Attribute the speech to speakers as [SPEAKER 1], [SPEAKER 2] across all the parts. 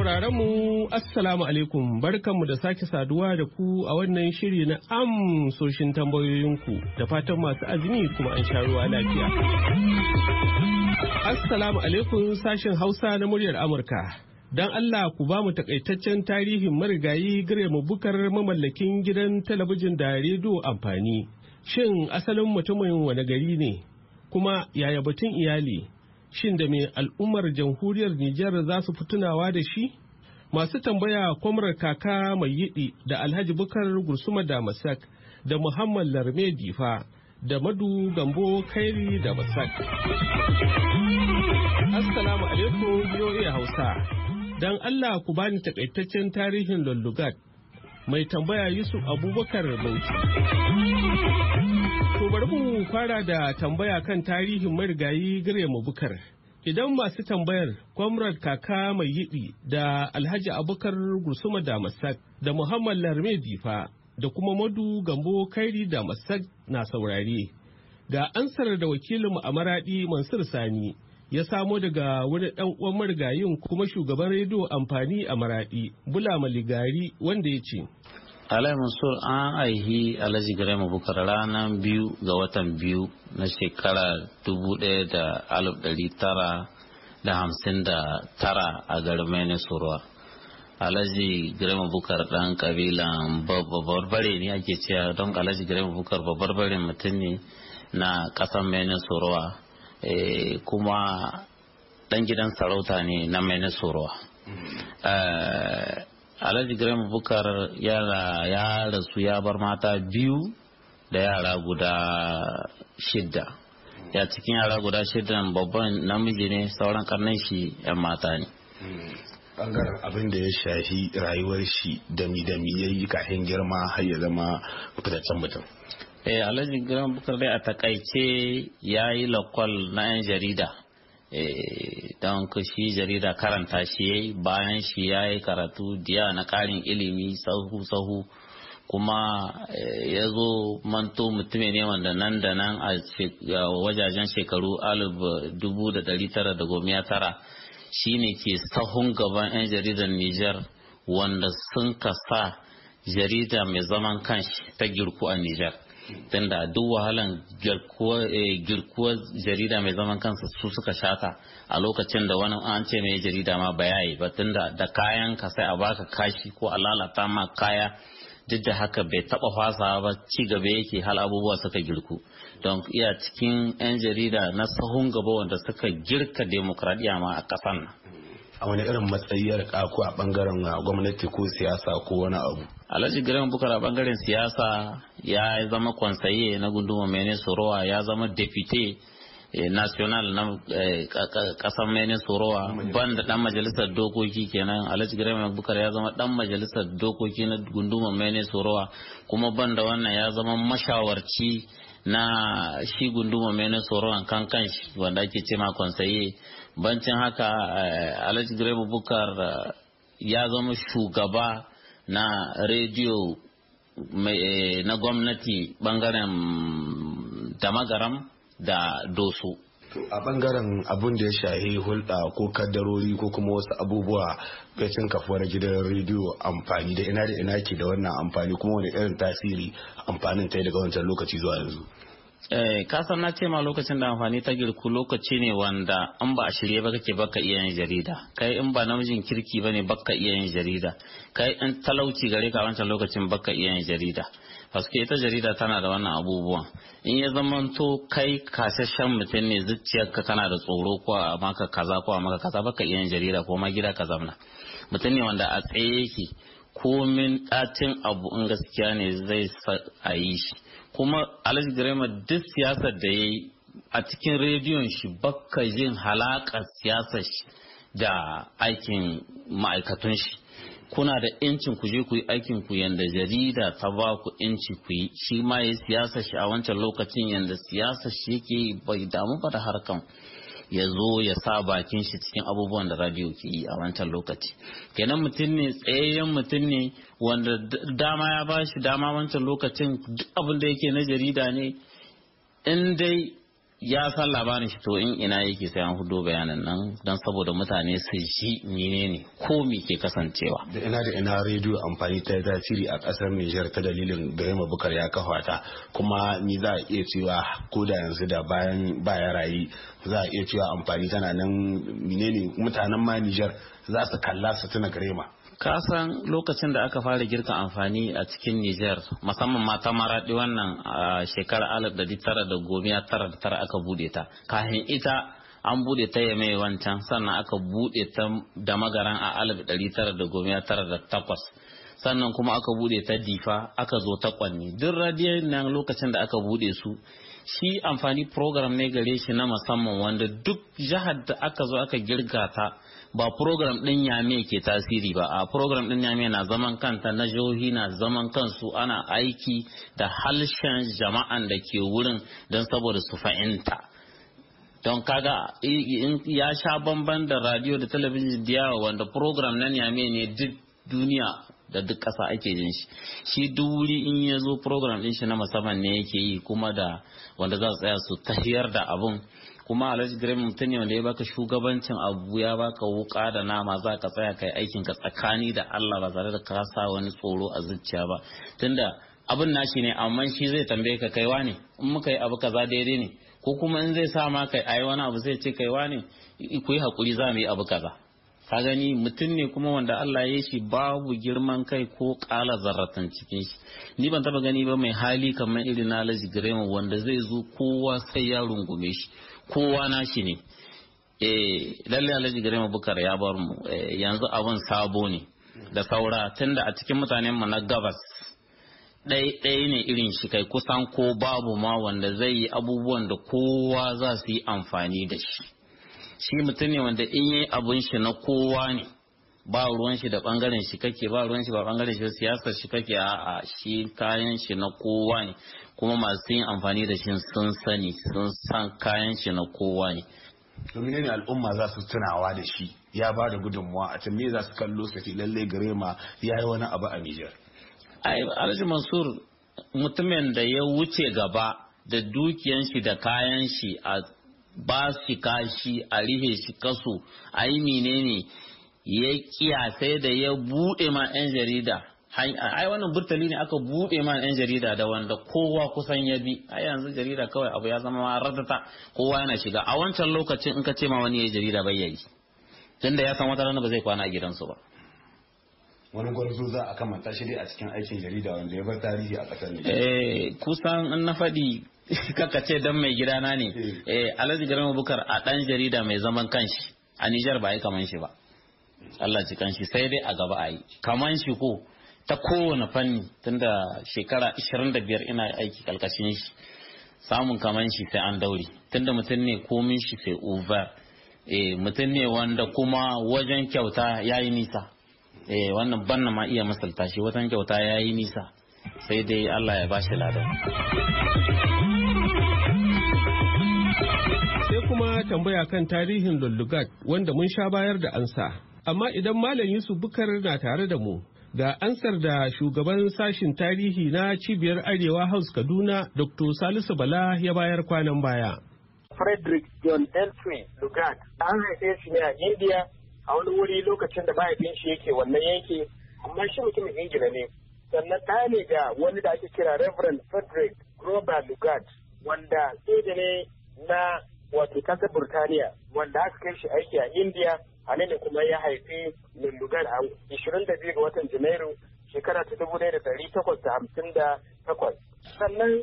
[SPEAKER 1] sauraron mu assalamu alaikum barkanmu da sake saduwa da ku a wannan shiri na amsoshin tambayoyinku da fatan masu azumi kuma an sha ruwa lafiya. Assalamu alaikum sashen Hausa na muryar Amurka. Don Allah ku ba mu takaitaccen tarihin marigayi gare mu Bukar mamallakin gidan talabijin da rediyo amfani. Shin asalin mutumin wani gari ne? Kuma yaya batun iyali? shin da mai al'ummar jamhuriyar Nijar za su fi tunawa da shi? Masu tambaya kwamrar kaka mai yiɗi da Alhaji Bukar Gursuma da Masak da Muhammad Larme Difa da Madu Gambo Kairi da Masak. Assalamu alaikum iya Hausa. Don Allah ku bani taƙaitaccen tarihin Lullugat mai tambaya Yusuf Abubakar Bauchi. To bari mu fara da tambaya kan tarihin marigayi gare Bukar. Idan masu tambayar Kwamrad Kaka Mai Yiɗi da Alhaji Abubakar Gursuma Damasak da Muhammad Larme Difa da kuma Madu Gambo Kairi da Damasak na saurare. Ga ansar da wakilin mu a Maraɗi Mansur Sani ya samo daga wani ɗan uwan marigayin kuma shugaban rediyo amfani a maraɗi bula maligari wanda ya ce
[SPEAKER 2] alai mansur an aihi alhaji mu bukar ranar biyu ga watan biyu na shekara dubu ɗaya da alif ɗari tara da hamsin da tara a garin mene suruwa alhaji mu bukar ɗan ƙabilan babbar bare ne ake cewa don alhaji mu bukar babbar bare mutum ne na ƙasar mene surwa Eh, kuma dan gidan sarauta ne na mai na nasorowa eh, alhaji graham bukar ya rasu ya bar mata biyu da yara guda shidda ya cikin yara guda shidda babban namiji ne sauran karnan shi 'yan mata ne
[SPEAKER 3] bangaren abin da ya shafi rayuwar shi dami dami ya yi kafin girma har ya zama fitaccen mutum
[SPEAKER 2] eh alhaji giran bukar dai a takaice ya yi lakwal na 'yan jarida eh, don shi jarida karanta shi yayi bayan shi ya yi karatu diya na karin ilimi sahu-sahu kuma eh, ya zo manto mutume ne wanda nan da nan a wajajen shekaru tara shi ne ke sahun gaban 'yan jaridar Nijar wanda sun kasa jarida mai zaman kanshi ta girku a Nijar. tunda duk wahalan eh, girkuwar jarida mai zaman kansa su suka shata a lokacin da wani an ce mai jarida ma bayayi ba tunda da kayan ka sai a baka kashi ko a lalata ma kaya duk da haka bai taba fasa ba ci gaba yake hal abubuwa suka girku don iya cikin 'yan jarida na sahun gaba wanda suka girka demokradiyya ma a kasan. nan
[SPEAKER 3] a wani irin matsayi ya rika ko a bangaren ah, gwamnati ko siyasa ko wani abu alhaji gidan bukar a bangaren
[SPEAKER 2] siyasa ya zama kwansaye na gunduma mene sorowa ya zama depute eh, national na eh, kasar mene sorowa ban da dan majalisar dokoki kenan alhaji gidan bukar ya zama dan majalisar dokoki na gunduma mene sorowa kuma ban da wannan ya zama mashawarci na shi gunduma mene sorowan kan kanshi wanda ake ce kwansaye bancin haka eh, alhaji grema bukar eh, ya zama shugaba na rediyo eh, na gwamnati bangaren damagaram da
[SPEAKER 3] doso a bangaren abun da ya shahi hulɗa ko kaddarori ko kuma wasu abubuwa gacin kafuwar gidan rediyo amfani da ina da ina ke da wannan amfani kuma wani irin tasiri amfanin ta daga wancan lokaci zuwa yanzu
[SPEAKER 2] Eh, kasan na ce ma lokacin da amfani ta girku lokaci ne wanda in ba a shirye ba kake baka iya yin jarida kai in ba namijin kirki ba ne baka iya yin jarida kai in talauci gare ka wancan lokacin baka iya yin jarida paske ita jarida tana da wannan abubuwan in ya zamanto kai kasashen mutum ne zuciyarka kana da tsoro ko a maka kaza ko a maka kaza baka iya yin jarida ko ma gida ka zamna mutum ne wanda a tsaye yake komin ɗacin abu in gaskiya ne zai a yi shi kuma alhaji girma duk siyasar da ya yi a cikin rediyon shi bakka jin halakar siyasar shi da aikin ma'aikatun shi kuna da yancin ku je ku yi aikin ku yanda jarida ta ba ku yanci ku yi shi ma ya siyasar shi a wancan lokacin yanda siyasar shi yake bai damu ba da harkan ya zo ya sa bakin shi cikin abubuwan da radio ke yi a wancan lokaci kenan mutum ne tsayayyen mutum ne wanda dama ya ba shi dama wancan lokacin duk abin da yake na jarida ne in dai ya san labarin shi to in ina yake sai an hudo bayanan nan don saboda mutane su ji ne ko me ke kasancewa
[SPEAKER 3] da ina da ina rediyo amfani ta tasiri a kasar Niger ta dalilin Ibrahim Bukar ya kafa ta kuma ni za a iya cewa ko da yanzu da bayan baya rayi za a iya cewa amfani tana nan Nene mutanen ma Nijar za su kalla su tuna Ibrahim
[SPEAKER 2] kasan lokacin da aka fara girka amfani a cikin Nijar musamman mata maraɗi wannan a shekarar alif da tara da tara da tara aka bude ta kafin ita an bude ta ya mai wancan sannan aka bude ta da magaran a alif ɗari tara da tara da takwas sannan kuma aka bude ta difa aka zo ta kwanni duk radiyon nan lokacin da aka bude su shi amfani program ne gare shi na musamman wanda duk jihar da aka zo aka girga ta ba program din yame ke tasiri ba a program din yame na zaman kanta na jihohi na zaman kansu ana aiki da halshen jama'an da ke wurin don saboda su fahimta don kaga ya sha bamban da radio da talabijin da yawa wanda program na yame ne duk duniya da duk ƙasa ake jin shi shi duri in ya zo program din shi na musamman ne yake yi kuma da wanda za su tsaya su tahiyar da abun kuma alhaji graham mutum ne wanda ya baka shugabancin abu ya baka wuka da nama za ka tsaya kai aikin ka tsakani da allah ba tare da ka sa wani tsoro a zuciya ba tunda abin nashi ne amma shi zai tambaye ka kaiwa ne in muka yi abu kaza daidai ne ko kuma in zai sa ma kai ayi wani abu zai ce kaiwa ne ku yi hakuri za mu yi abu kaza ka gani mutum ne kuma wanda Allah ya shi babu girman kai ko kala zarratan cikin shi ni ban taba gani ba mai hali kamar irin na Alhaji Grema wanda zai zo kowa sai ya rungume shi kowa na shi ne eh lalle Alhaji Grema Bukar ya bar mu eh, yanzu abun sabo ne da saura tunda a cikin mutanen mu na gabas ɗaya ne irin shi kai kusan ko babu ma wanda zai yi abubuwan da kowa za su yi amfani da shi shi mutum ne wanda in yi abun shi na kowa ne ba ruwan shi da bangaren shi kake ba ruwan shi ba bangaren shi siyasar shi kake a shi kayan shi na kowa ne kuma masu yin amfani da shi sun sani sun san kayan
[SPEAKER 3] shi na kowa ne domin ne al'umma za su tunawa da shi ya ba da gudunmuwa a can me za su kallo su fi lalle gare ma ya yi wani abu a Nijar. Alhaji Mansur
[SPEAKER 2] mutumin da ya wuce gaba da dukiyan shi da kayan shi a ba shi kashi a rufe shi kasu a yi menene ya kiyasai da ya buɗe ma 'yan jarida ai wannan burtali ne aka buɗe ma 'yan jarida da wanda kowa kusan ya bi a yanzu jarida kawai abu ya zama ratata kowa yana shiga a wancan lokacin in ka ce ma wani ya jarida bai yi. tunda ya san wata rana ba zai kwana a gidansu ba
[SPEAKER 3] wani gwarzo za a kamanta shi dai a cikin aikin jarida wanda ya bar tarihi a ƙasar
[SPEAKER 2] Eh kusan in na faɗi kaka ce dan mai gidana ne eh, eh Alhaji Garma Bukar a ɗan jarida mai zaman kanshi a Nijar ba yi kaman shi ba. Allah ji kanshi sai dai a gaba a yi kaman shi ko ta kowane fanni tunda shekara 25 ina aiki kalkashin shi samun kaman shi sai an daure tunda mutum ne komin shi sai over eh mutum ne wanda kuma wajen kyauta yayi nisa eh wannan banna ma iya misalta shi watan kyauta ya yi nisa sai dai Allah ya bashi ladan
[SPEAKER 1] sai kuma tambaya kan tarihin lullugat wanda mun sha bayar da ansa amma idan malam yusuf bukar na tare da mu ga ansar da shugaban sashin tarihi na cibiyar arewa house kaduna dr salisu bala ya bayar kwanan baya
[SPEAKER 4] frederick john elfrey lugard an haife shi a india a wani wuri lokacin da mahaifin shi yake wannan yanki amma shi mutumin ingila ne sannan ɗaya ne ga wani da ake kira reverend frederick grover lugard wanda soja ne na wato kasa burtaniya wanda aka kai shi aiki a india a nan kuma ya haifi Lugard a 22 ga watan janairu shekara ta dubu ɗaya da ɗari takwas da hamsin da takwas sannan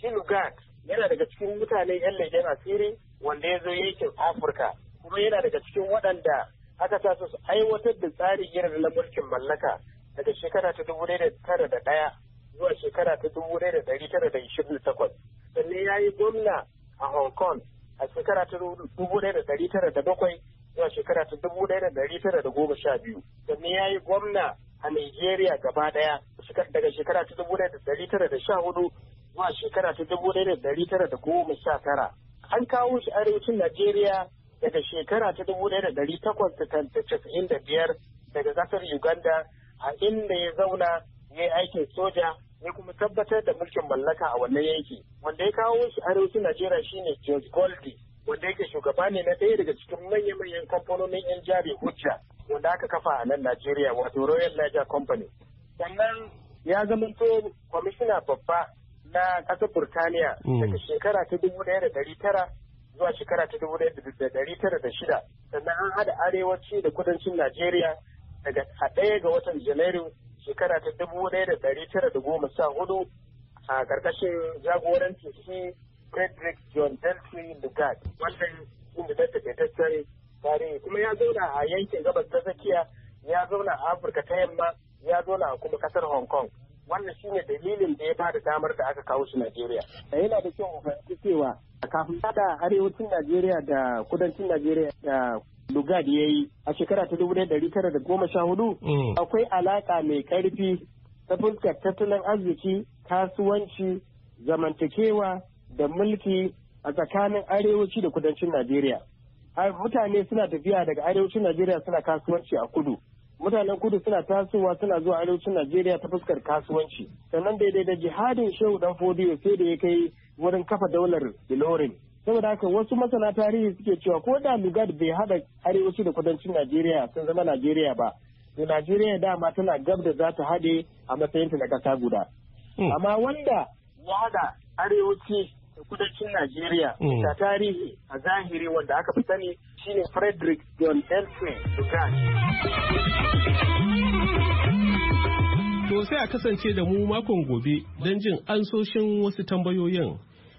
[SPEAKER 4] shi lugard yana daga cikin mutane yan legen asiri wanda ya zo yankin afirka kuma yana daga cikin waɗanda aka sa su aiwatar da tsarin yin na mulkin mallaka daga shekara ta dubu da tara da ɗaya zuwa shekara ta dubu da ɗari tara da ishirin da takwas sannan ya yi gwamna a hong kong a shekara ta dubu da ɗari tara da bakwai zuwa shekara ta dubu da ɗari tara da goma sha biyu sannan ya yi gwamna a nigeria gaba ɗaya daga shekara ta dubu da ɗari tara da sha hudu zuwa shekara ta dubu da ɗari tara da goma sha tara an kawo shi arewacin najeriya daga shekara ta dubu ɗaya da ɗari takwas da casa'in da biyar daga ƙasar Uganda a inda ya zauna ya yi aikin soja ya kuma tabbatar da mulkin mallaka a wannan yanki wanda ya kawo shi arewacin Najeriya shine George Goldie wanda yake shugaba ne na ɗaya daga cikin manya-manyan kamfanonin 'yan jari hujja wanda aka kafa a nan Najeriya wato Royal Niger Company. Sannan ya zamanto kwamishina babba na ƙasar Burtaniya mm. daga shekara ta dubu ɗaya da ɗari tara zuwa shekara ta dubu ɗaya da ɗari tara da shida sannan an haɗa arewaci da kudancin najeriya daga ɗaya ga watan janairu shekara ta dubu ɗaya da ɗari tara da goma sha hudu a ƙarƙashin jagorancin shi frederick john delphine lugard wannan inda ta taƙaitaccen tarihi kuma ya zauna a yankin gabas ta tsakiya ya zauna a afirka ta yamma ya zauna a kuma ƙasar hong kong wannan shine dalilin da ya da damar da aka kawo su Najeriya. Da eh, yana da kyau mu fahimci cewa kafin da arewacin Najeriya da kudancin Najeriya da Lugard ya yi a shekara ta dubu ɗari tara da goma sha hudu mm. akwai alaƙa mai ƙarfi ta fuskar tattalin arziki kasuwanci zamantakewa da mulki a tsakanin arewaci da kudancin Najeriya. Mutane suna tafiya daga arewacin Najeriya suna kasuwanci a kudu. mutanen kudu suna tasowa suna zuwa arewacin najeriya ta fuskar kasuwanci sannan daidai da jihadin shehu dan fodiyo sai da ya kai wurin kafa daular ilorin saboda haka wasu masana tarihi suke cewa ko da lugard bai hada arewaci da kudancin najeriya sun zama najeriya ba to najeriya dama tana gab da za ta hade a matsayinta na kasa guda hmm. amma wanda ya hada arewaci da kudancin Najeriya da hmm. tarihi a zahiri wanda aka fi sani shine Frederick John Elfman Dugan.
[SPEAKER 1] To sai a kasance da mu makon gobe don jin ansoshin wasu tambayoyin.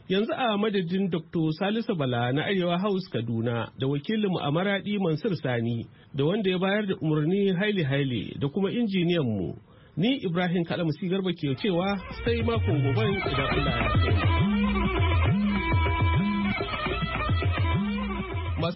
[SPEAKER 1] Yanzu a madadin Dr. Salisu Bala na Arewa House Kaduna da wakilinmu a Maradi Mansur Sani da wanda ya bayar da umarni haile haile da kuma injiniyan mu. Ni Ibrahim Kalamu Garba ke cewa sai
[SPEAKER 4] makon gobe idan Allah ya